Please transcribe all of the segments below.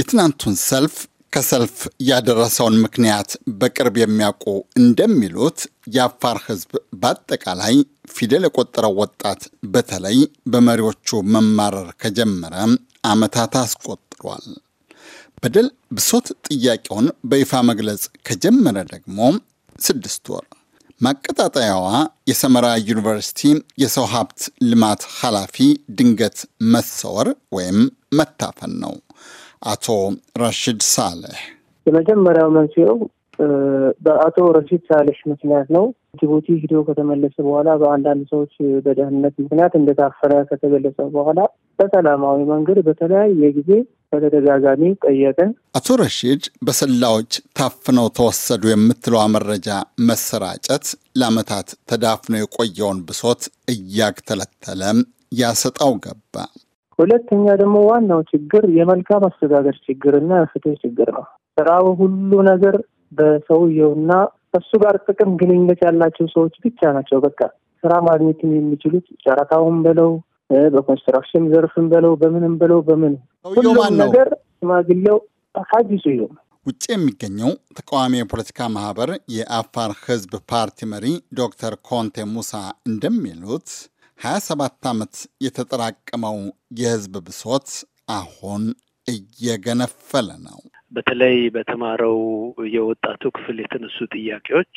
የትናንቱን ሰልፍ ከሰልፍ ያደረሰውን ምክንያት በቅርብ የሚያውቁ እንደሚሉት የአፋር ሕዝብ በአጠቃላይ ፊደል የቆጠረው ወጣት በተለይ በመሪዎቹ መማረር ከጀመረ ዓመታት አስቆጥሯል። በደል፣ ብሶት ጥያቄውን በይፋ መግለጽ ከጀመረ ደግሞ ስድስት ወር። ማቀጣጠያዋ የሰመራ ዩኒቨርሲቲ የሰው ሀብት ልማት ኃላፊ ድንገት መሰወር ወይም መታፈን ነው። አቶ ራሽድ ሳሌህ የመጀመሪያው መንስኤው በአቶ ረሺድ ሳልህ ምክንያት ነው። ጅቡቲ ሂዶ ከተመለሰ በኋላ በአንዳንድ ሰዎች በደህንነት ምክንያት እንደታፈረ ከተገለጸ በኋላ በሰላማዊ መንገድ በተለያየ ጊዜ በተደጋጋሚ ጠየቅን። አቶ ረሺድ በሰላዎች ታፍነው ተወሰዱ የምትለዋ መረጃ መሰራጨት ለአመታት ተዳፍኖ የቆየውን ብሶት እያግተለተለም ያሰጣው ገባ። ሁለተኛ ደግሞ ዋናው ችግር የመልካም አስተዳደር ችግርና ፍትህ ችግር ነው። ስራው ሁሉ ነገር በሰውየውና እሱ ጋር ጥቅም ግንኙነት ያላቸው ሰዎች ብቻ ናቸው። በቃ ስራ ማግኘትም የሚችሉት ጨረታውን በለው በኮንስትራክሽን ዘርፍን በለው በምንም በለው በምን ሁሉም ነገር ሽማግሌው ሀዲሱ ይሁን። ውጭ የሚገኘው ተቃዋሚ የፖለቲካ ማህበር የአፋር ህዝብ ፓርቲ መሪ ዶክተር ኮንቴ ሙሳ እንደሚሉት 27 ዓመት የተጠራቀመው የህዝብ ብሶት አሁን እየገነፈለ ነው። በተለይ በተማረው የወጣቱ ክፍል የተነሱ ጥያቄዎች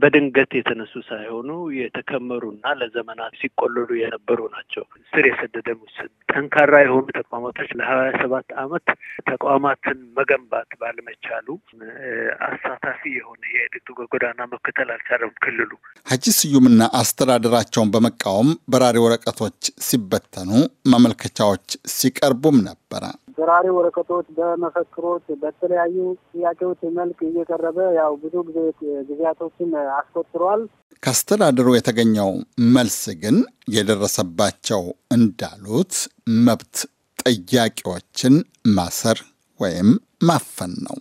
በድንገት የተነሱ ሳይሆኑ የተከመሩና ለዘመናት ሲቆለሉ የነበሩ ናቸው። ስር የሰደደ ሙስና፣ ጠንካራ የሆኑ ተቋማቶች ለሀያ ሰባት አመት ተቋማትን መገንባት ባለመቻሉ አሳታፊ የሆነ የእድገቱ ጎዳና መከተል አልቻለም ክልሉ። ሀጂ ስዩምና አስተዳደራቸውን በመቃወም በራሪ ወረቀቶች ሲበተኑ፣ ማመልከቻዎች ሲቀርቡም ነበረ። በራሪ ወረቀቶች፣ በመፈክሮች፣ በተለያዩ ጥያቄዎች መልክ እየቀረበ ያው ብዙ ጊዜ ጊዜያቶችን አስቆጥሯል። ከአስተዳደሩ የተገኘው መልስ ግን የደረሰባቸው እንዳሉት መብት ጥያቄዎችን ማሰር ወይም ማፈን ነው።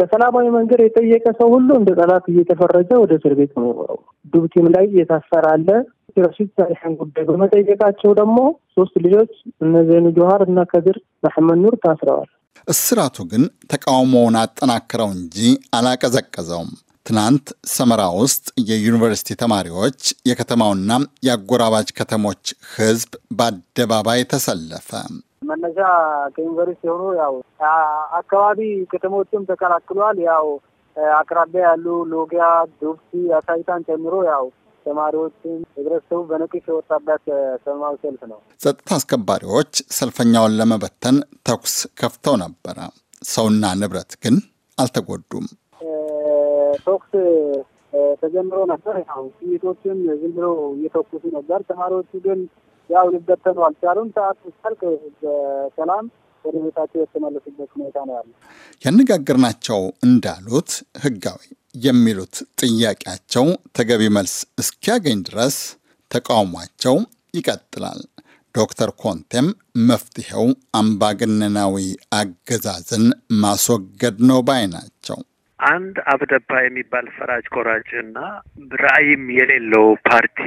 በሰላማዊ መንገድ የጠየቀ ሰው ሁሉ እንደ ጠላት እየተፈረጀ ወደ እስር ቤት ነው ዱብቲም ላይ እየታሰራለ በፊት ታሪሕን ጉዳይ በመጠየቃቸው ደግሞ ሶስት ልጆች እነ ዘይኑ ጆሀር እና ከድር መሐመድ ኑር ታስረዋል። እስራቱ ግን ተቃውሞውን አጠናክረው እንጂ አላቀዘቀዘውም። ትናንት ሰመራ ውስጥ የዩኒቨርሲቲ ተማሪዎች የከተማውና የአጎራባጅ ከተሞች ህዝብ በአደባባይ ተሰለፈ። መነሻ ከዩኒቨርሲቲ የሆኑ ያው አካባቢ ከተሞችም ተከላክሏል። ያው አቅራቢያ ያሉ ሎጊያ፣ ዱብሲ፣ አሳይታን ጨምሮ ያው ተማሪዎችን፣ ህብረተሰቡ በነቂስ የወጣበት ሰላማዊ ሰልፍ ነው። ጸጥታ አስከባሪዎች ሰልፈኛውን ለመበተን ተኩስ ከፍተው ነበረ። ሰውና ንብረት ግን አልተጎዱም። ተኩስ ተጀምሮ ነበር። ያው ጥይቶችን ዝም ብሎ እየተኩሱ ነበር። ተማሪዎቹ ግን ያው ሊበተኑ አልቻሉም። ሰዓት ሲያልቅ በሰላም ወደ ቤታቸው የተመለሱበት ሁኔታ ነው ያለ። ያነጋገርናቸው እንዳሉት ህጋዊ የሚሉት ጥያቄያቸው ተገቢ መልስ እስኪያገኝ ድረስ ተቃውሟቸው ይቀጥላል። ዶክተር ኮንቴም መፍትሄው አምባገነናዊ አገዛዝን ማስወገድ ነው ባይ ናቸው። አንድ አብደባ የሚባል ፈራጅ ቆራጭ እና ራዕይም የሌለው ፓርቲ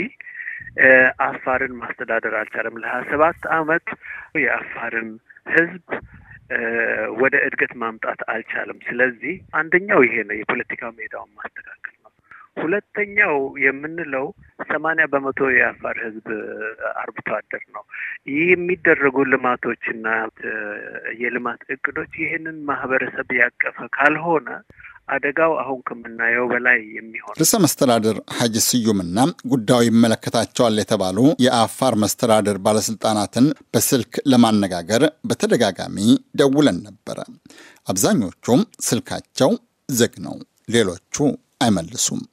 አፋርን ማስተዳደር አልቻለም። ለሀያ ሰባት አመት የአፋርን ህዝብ። ወደ እድገት ማምጣት አልቻለም። ስለዚህ አንደኛው ይሄ ነው፣ የፖለቲካ ሜዳውን ማስተካከል ነው። ሁለተኛው የምንለው ሰማንያ በመቶ የአፋር ህዝብ አርብቶ አደር ነው። ይህ የሚደረጉ ልማቶችና የልማት እቅዶች ይህንን ማህበረሰብ ያቀፈ ካልሆነ አደጋው አሁን ከምናየው በላይ የሚሆን ርዕሰ መስተዳድር ሀጅ ስዩምና ጉዳዩ ይመለከታቸዋል የተባሉ የአፋር መስተዳድር ባለስልጣናትን በስልክ ለማነጋገር በተደጋጋሚ ደውለን ነበረ። አብዛኞቹም ስልካቸው ዝግ ነው፣ ሌሎቹ አይመልሱም።